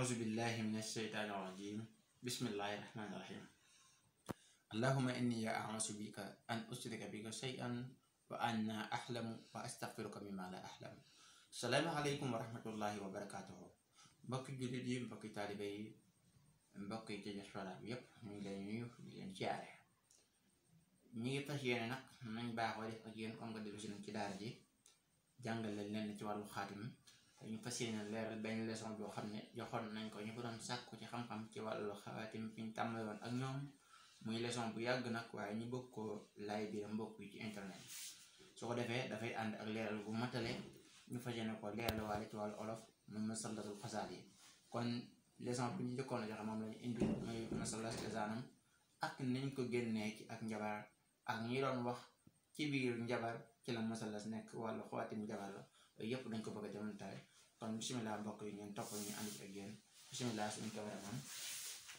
أعوذ بالله من الشيطان الرجيم بسم الله الرحمن الرحيم اللهم إني أعوذ بك أن أشرك بك شيئا وأن أحلم وأستغفرك مما لا أحلم السلام عليكم ورحمة الله وبركاته mbokki jullit yi طالبي taalibe yi mbokki ci diaspora bi yëpp ñu ngi leen nuyu di leen siyaare ñu ngi fas yéene nag nañ baaxoo def ak yéen comme nga dellu si nañ ci daara ji jàngal leen ci wàllu xaatim ñu fas yéene leeral benn leçon boo xam ne joxoon nañ ko ñu ko doon sàkku ci xam-xam ci wàllu xawaatim fi ñu tàmmaloon ak ñoom muy leçon bu yàgg nag waaye ñu bëgg ko laay bi mbokk yi ci internet ko defee dafay ànd ak leeral bu matale ñu fas yéene ko leeral waale ci wàllu olof muy masalatul xasaal yi kon leçon bu ñu jëkkoon la joxe moom lañu indi muy masalas lesaanam ak nañ ko génnee ci ak njabar ak ñi doon wax ci biir njabar ci la masalas nekk wàllu xawaatim njabar la yëpp dañ ko bëgg a jamontaay kon bisimilah mbokk yi ngeen toppal ñu ànd ak yéen bisimilah suñu cameraman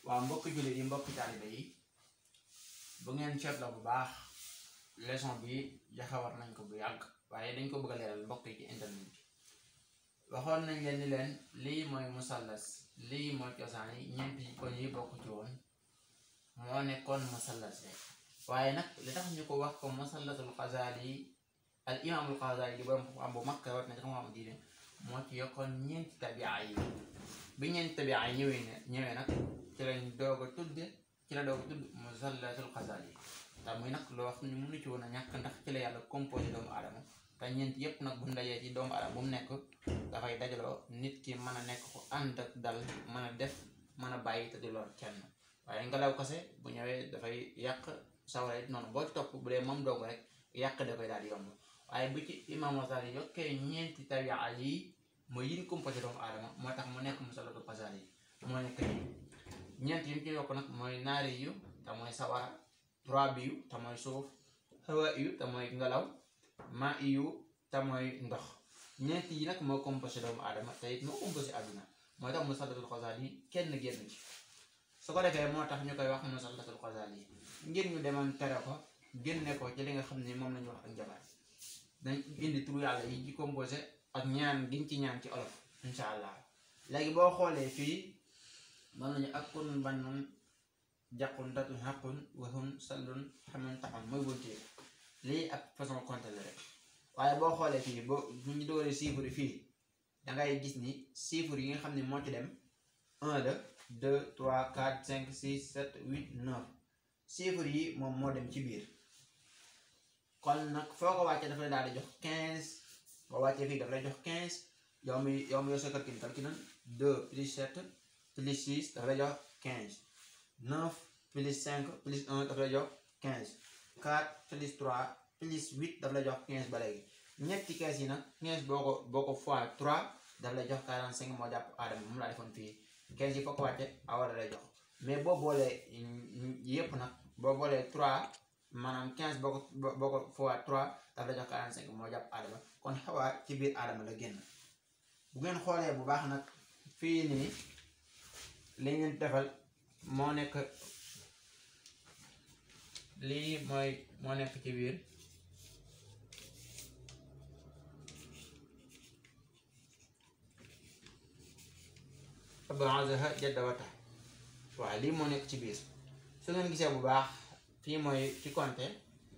waaw mbokk jullit yi mbokk taalibe yi bu ngeen seetloo bu baax leson bi jaxawar nañ ko bu yàgg waaye dañ ko bëgg leeral mbokk yi ci internet bi waxoon nañ leen ni leen lii mooy musallas lii mooy cosaan yi ñeenti ko ñuy bokk ci moo nekkoon musallas waaye nag li tax ñu ko wax ko musallasul xasaal al imaamul Xasaali di bu mag rawat na ci xam-xam bi ñeenti tabia yi ñëwee na ñëwee nag ci lañ doog a la doog a tudd loo xam a ñàkk ndax ci la yàlla composé doomu aadama te ñeent yëpp nag bu mu dajee ci doomu aadama bu dafay dajaloo nit ki mën a nekk ko ànd ak dal mën a def mën a bàyyi te du lor kenn waaye ngelaw kase bu ñëwee dafay yàq sawara it noonu boo topp bu dee moom dong rek yàq da daal yomb ay bu ci imam Ghazali yokkee ñent tabia yi mooy yin composé doomu aadama moo tax mo nekk musalatu fasal yi moo nekk yi ñeent yi mu ci yok nak moy nari yu te moy sawara trois bi yu ta moy suuf hawa yu ta moy ngalaw ma yu ta moy ndox ñent yi nag moo composé doom aadama tay mo moo composé aduna moo tax musalatul Ghazali yi kenn génn ci su ko defé moo tax ñu wax musalatul Ghazali yi ngir ñu demam téré ko génne ko ci li nga xamni mom moom wax ak njabar dañ ci génne yàlla yi ci composé ak ñaan giñ ci ñaan ci olof incha allah léegi boo xoolee fii mën nañu ak kun bannun jàqun datun xaqun waxun sallun xamun taxun mooy buntee lii ak façon compte la rek waaye boo xoolee fii boo bu ñu dóoree chiffre yi fii dangay gis ni chiffre yi nga xam ne moo ci dem un la 2 3 4 cinq 6 7 8 9 chiffre yi moom moo dem ci biir kon nag foo ko wàccee daf lay daal di jox quinze boo wàccee fii daf lay jox 15 yow mi yow mi yow sa calcul calcul na 2 plus 7 plus 6 daf lay jox 15 9 plus 5 plus 1 daf lay jox 15 4 plus 3 plus 8 daf lay jox 15 ba léegi ñetti kees yi nag quinze boo ko boo ko fois 3 daf lay jox 45 moo jàpp aadama moom laa defoon fii 15 yi foo ko wàccee awara lay jox mais boo boolee yëpp nag boo boolee 3 maanaam 15 boo ko boo ko fois 3 daf la jox 45 moo jàpp aadama kon xawa ci biir aadama la génn bu ngeen xoolee bu baax nag fii nii li ngeen defal moo nekk lii mooy moo nekk ci biir abazaha moo nekk ci biir su ngeen gisee bu baax fii mooy ci konte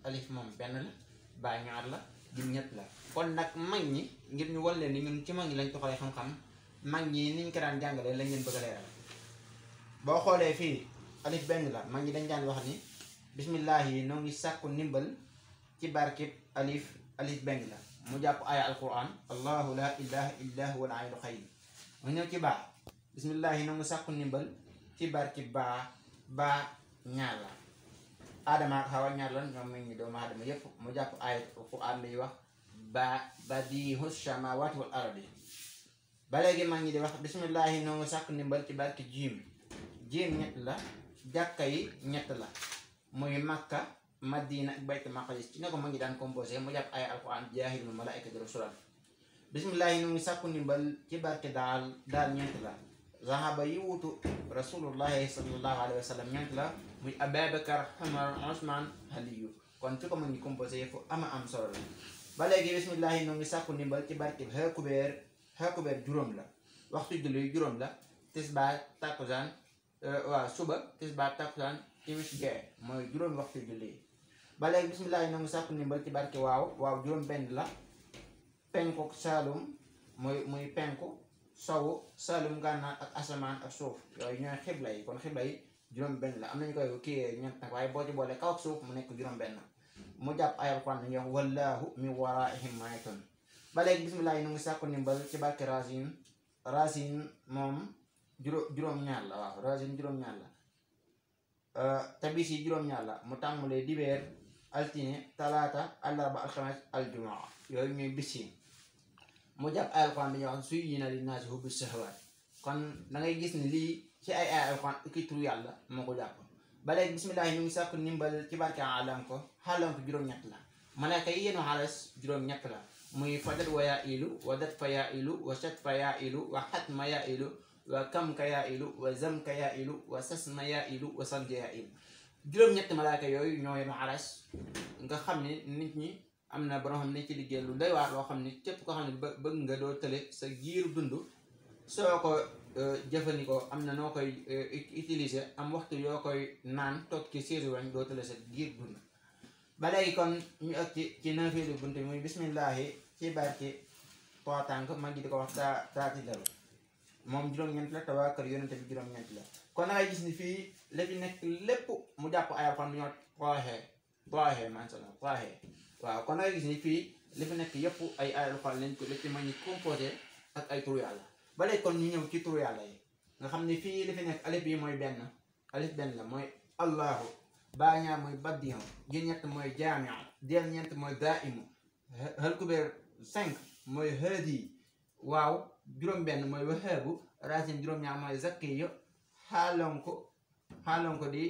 alif moom benn la baa ñaar la jum ñett la kon nag mag ñi ngir ñu wal leen ni ñun ci mag ñi lañ toxalee xam-xam mag ñi niñ ko daan jàngalee lañ leen bëgg a leeral boo xoolee fii alif benn la mag ñi dañ daan wax ni bismillah yi noo ngi sàkku ndimbal ci barkib alif alif benn la mu jàpp aaya alquran allahu la ilaha illa huwa al-hayyul qayyum mu ñëw ci baa bismillah yi noo ngi sàkku ndimbal ci barkib baa baa ñaar la aadama ak xawa ñaar lan ñoom ñu doomu aadama yëpp mu jàpp ay quran bi wax ba badiihu samawaati wal ardi ba léegi mag ngi di wax bismillahi noonu sàkk ndimbal ci barki jiim jiim ñett la jàkka yi ñett la muy makka madina ak bayt maqdis ci ne ko mag ñi daan composé mu jàpp ay alquran jaahil mu malaayka di rasulan bismillahi noonu sàkku ndimbal ci barki daal daal ñeent la zahaba yi wutu rasulullahi sallallahu alayhi wa la muy Ababakar Umar Usman Aliyu kon fi ko mën ngi composé fu ama am solo la ba léegi bismillahi noo ngi sàkku ndimbal ci barkib xëkubeer xëkubeer juróom la waxtu julli juróom la tisbaar takkusaan euh, waaw suba tisbaar takkusaan timis gee mooy juróom waxtu julli ba léegi bismillahi noo ngi sàkku ndimbal ci barki waaw waaw juróom benn la penku saalum muy penku sow salum gànnaar ak asamaan ak suuf yooyu ñooy xibla yi kon xibla yi juróom-benn la am nañu koy kii ñeent nag waaye boo ci boole kaw ak suuf mu nekk juróom-benn mu jàpp ay alquran ñu wax wallahu min waraihim maayatun ba yi nu ngi sàkku ndimbal ci barke racine racine moom juróom-ñaar la waaw racine juróom-ñaar la euh, te bis yi juróom-ñaar la mu tàmmulee dibeer altine talaata àllarba alxames aljumaa yooyu ñuy bis moo jàpp ay alxuraan bi suy yi na li naa si kon da ngay gis ni lii ci ay ay alxuraan ki turu yàlla moo ko jàpp ba léegi bisimilah ñu ngi sàkku ndimbal ci barke alam ko juróom-ñett la malaaka yi yéenu xaalas juróom la muy fadat wa yaa ilu wa dat fa yaa ilu wa sat yaa ilu wa xat ma yaa ilu wa kam yaa ilu wa zam ka yaa ilu wa sas ma yaa ilu wa sanj yaa ilu juróom-ñett malaaka yooyu ñoo yéenu xaalas nga xam ne ñi amna borom xamne ci liggéey lu doy waar lo xamne ne képp koo xam bëgg nga do télé sa giiru dund soo ko euh, amna am koy euh, utiliser am waxtu yo koy naan tok ci séeru wañ do télé sa giir dundu balay kon ñu ak ci ci nafeelu bunt bi muy bismillahi ci barke too tànk mag ji di ko ta taa taati dalu moom juróom-ñeent la te waa kër yonente bi juroom ñent la kon nga gis ni fi la nek lepp mu japp ay alxuraan ñoo xooxee zahir man salaam zahir waaw kon dangay gis ni fii li fi nekk yëpp ay ay alxuraan lañ ko ci mën ni ak ay turu yàlla ba léegi kon ñu ñëw ci turu yàlla yi nga xam ni fii li fi nekk alif bi mooy benn alif benn la mooy allahu baa ñaar mooy baddiam ji ñett mooy jaamiu deel ñeent mooy daimu hal kubeer cinq mooy hëdi waaw juróom-benn mooy wahaabu racine juróom-ñaar mooy zakkiyu xaalonko xaalonko di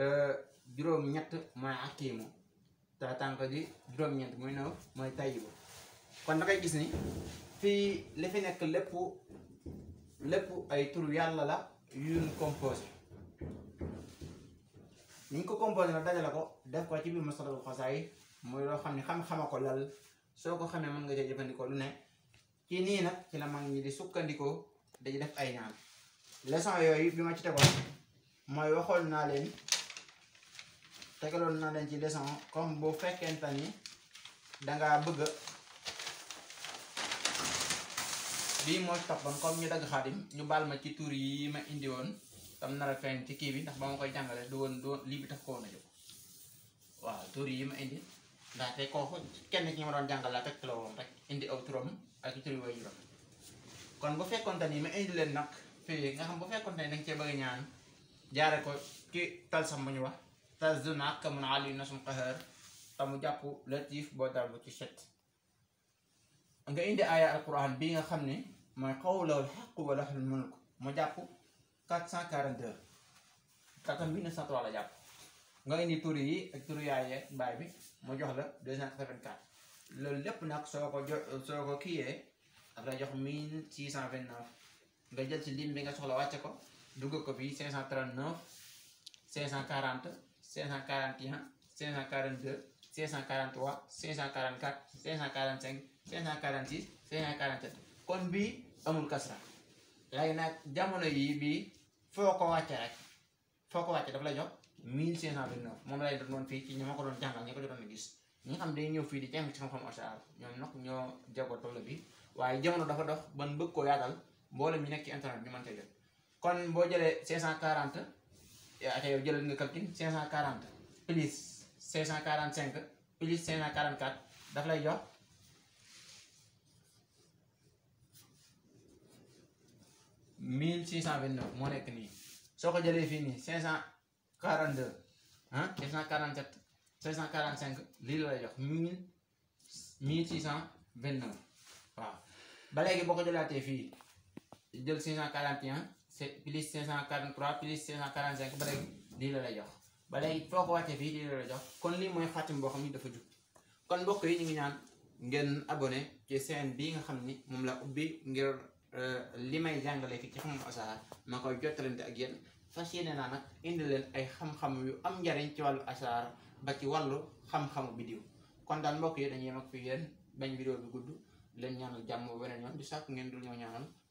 euh, juróom-ñett mooy akiimu ta tànk ji juróom-ñett moy naw moy tayyibu kon da kay gis ni fi li fi nek lepp lepp ay tur yalla la yuñ composé ni ko composé na dajala ko def ko ci bi masdarul ko say moy xam xamni xam xamako lal soko ko man nga jëfëndiko lu ne ci ni nak ci la mag ni di sukkandiko dañu def ay ñaan leçon yoy bima ci tegoon moy waxol na len tekalon na dañ ci leçon comme bu fekkente da nga bëgg bii mooy toppoon comme ñu dag xadim ñu bal ma ci tour yi ma indi won tam na ra feeñ ci ki bi ndax ba ma koy jangale du won li bi tax ko na jox jóg waaw tuur yi ma indi da tay ko ko kenn ci ma doon jangala tek tegtaloo won rek indi aw turum ak tour way juróom kon bu fekkonte ni ma indi len nak fi nga xam bu fekkonte ni danga cee bëgg ñaan jaare ko ki tal sam ma ñu wax tazuna kamun ali nasum qahar te mu jàpp latif boo darbu ci set nga indi aaya alquran bi nga xam ne mooy qawlul haqq mu jàpp 442 katam 1903 la jàpp nga indi tur yi ak tur yaaye baay bi mu jox la 284 loolu lépp nag soo ko jo soo ko kiiyee daf la jox 1629 nga jël ci lim bi nga soxla wàcce ko dugg ko bi 539 540 541 542 543 544 545 546 547 kon bii amul kasra léegi nag jamono yii bii foo ko wàcce rek foo ko wàcce daf lay jox 1529 moom lay doon noonu fii ci ñi ma ko doon jàngal ñi ko doon gis ñi nga xam day ñëw fii di jàng ci xam-xam asar ñoom nag ñoo jago toll bi waaye jamono dafa dox ban bëgg koo yaatal mboolem ñu nekk ci internet ñu mën cee jot kon boo jëlee 540 aka yow jëlal nga calcul quarante plus 545 plus 544 daf lay jox 1629 moo nekk nii soo ko jëlee fii nii 542 ah 547 545 lii la lay jox 1629 waaw ba léegi boo ko jëlaatee fii jël 641 plus 543 plus 545 ba léegi lii la la jox ba léegi foo ko wàccee fii la jox kon lii mooy xaatim boo xam ni dafa jub kon mbokk yi ñu ngi ñaan ngeen abonné ci chaîne bii nga xam ni moom la ubbi ngir li may jàngale fii ci xam-xam asaar ma koy jottalante ak yéen fas yéene naa nag indi leen ay xam-xam yu am njariñ ci wàllu asaar ba ci walu xam-xamu bidiw kon daal mbokk yi dañuy yem eh, ak fii yéen bañ vidéo bi gudd leen ñaanal jàmm beneen yoon di sàkk ngeen dul ñoo ñaanal